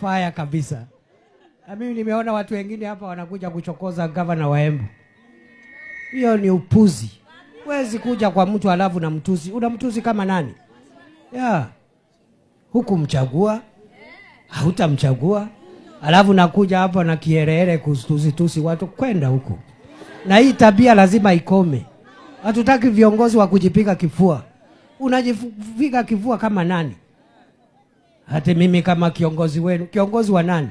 Fire kabisa. Na mimi nimeona watu wengine hapa wanakuja kuchokoza gavana wa Embu. Hiyo ni upuzi. Huwezi kuja kwa mtu alafu na mtuzi. Una mtuzi kama nani? Yeah. Hukumchagua, hautamchagua, alafu nakuja hapa na kiherehere kutuzitusi watu kwenda huku. Na hii tabia lazima ikome. Hatutaki viongozi wa kujipiga kifua. Unajipiga kifua kama nani? Hata mimi kama kiongozi wenu, kiongozi wa nani?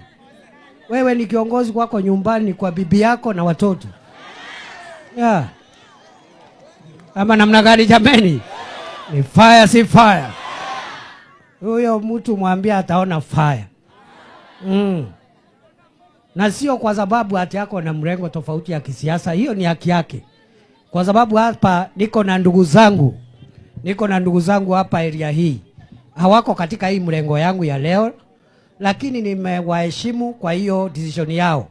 Wewe ni kiongozi kwako nyumbani, kwa bibi yako na watoto yeah. Ama namna gani jameni? Ni fire, si fire? Huyo mtu mwambia ataona fire mm. Na sio kwa sababu hati yako na mrengo tofauti ya kisiasa, hiyo ni haki yake, kwa sababu hapa niko na ndugu zangu, niko na ndugu zangu hapa area hii hawako katika hii mlengo yangu ya leo, lakini nimewaheshimu kwa hiyo decision yao,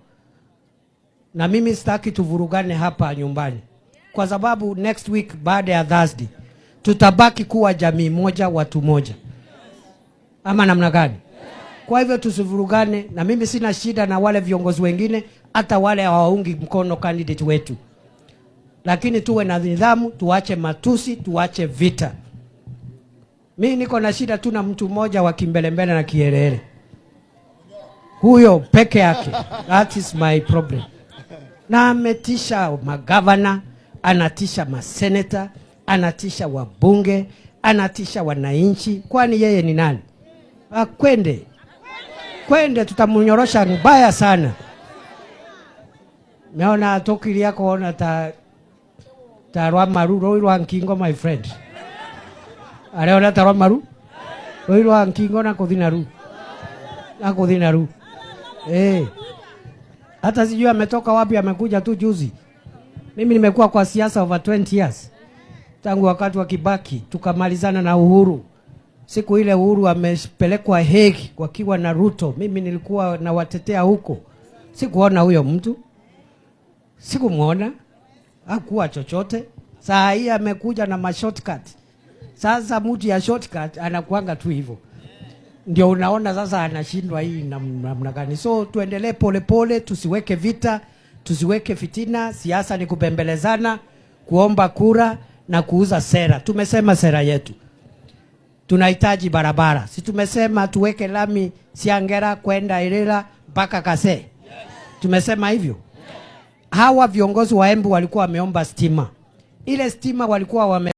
na mimi sitaki tuvurugane hapa nyumbani, kwa sababu next week baada ya Thursday tutabaki kuwa jamii moja, watu moja, ama namna gani? Kwa hivyo tusivurugane, na mimi sina shida na wale viongozi wengine, hata wale hawaungi mkono candidate wetu, lakini tuwe na nidhamu, tuache matusi, tuache vita mi niko na shida tu na mtu mmoja wa kimbelembele na kielele, huyo peke yake, that is my problem. Na ametisha magavana, anatisha maseneta, anatisha wabunge, anatisha wananchi. Kwani yeye ni nani? Akwende ah, kwende, tutamnyorosha mbaya sana. meona yako ona ta tarwa maruro irwa nkingo my friend aria ona taro maru oirwa nkingo na kuthinaru na kuthinaru eh hata sijui ametoka wapi, amekuja tu juzi. Mimi nimekuwa kwa siasa over 20 years tangu wakati wa Kibaki tukamalizana na Uhuru. Siku ile Uhuru amepelekwa Hague wakiwa na Ruto, mimi nilikuwa na watetea huko. Sikuona huyo mtu, sikumwona, hakuwa chochote. Saa hii amekuja na mashortcut sasa mtu ya shortcut anakuanga tu hivyo, ndio unaona sasa anashindwa hii namna gani. So tuendelee polepole, tusiweke vita, tusiweke fitina. Siasa ni kupembelezana, kuomba kura na kuuza sera. Tumesema sera yetu tunahitaji barabara, si tumesema tuweke lami Siangera kwenda irira mpaka Kasee, tumesema hivyo. Hawa viongozi wa Embu walikuwa wameomba stima, ile stima walikuwa wame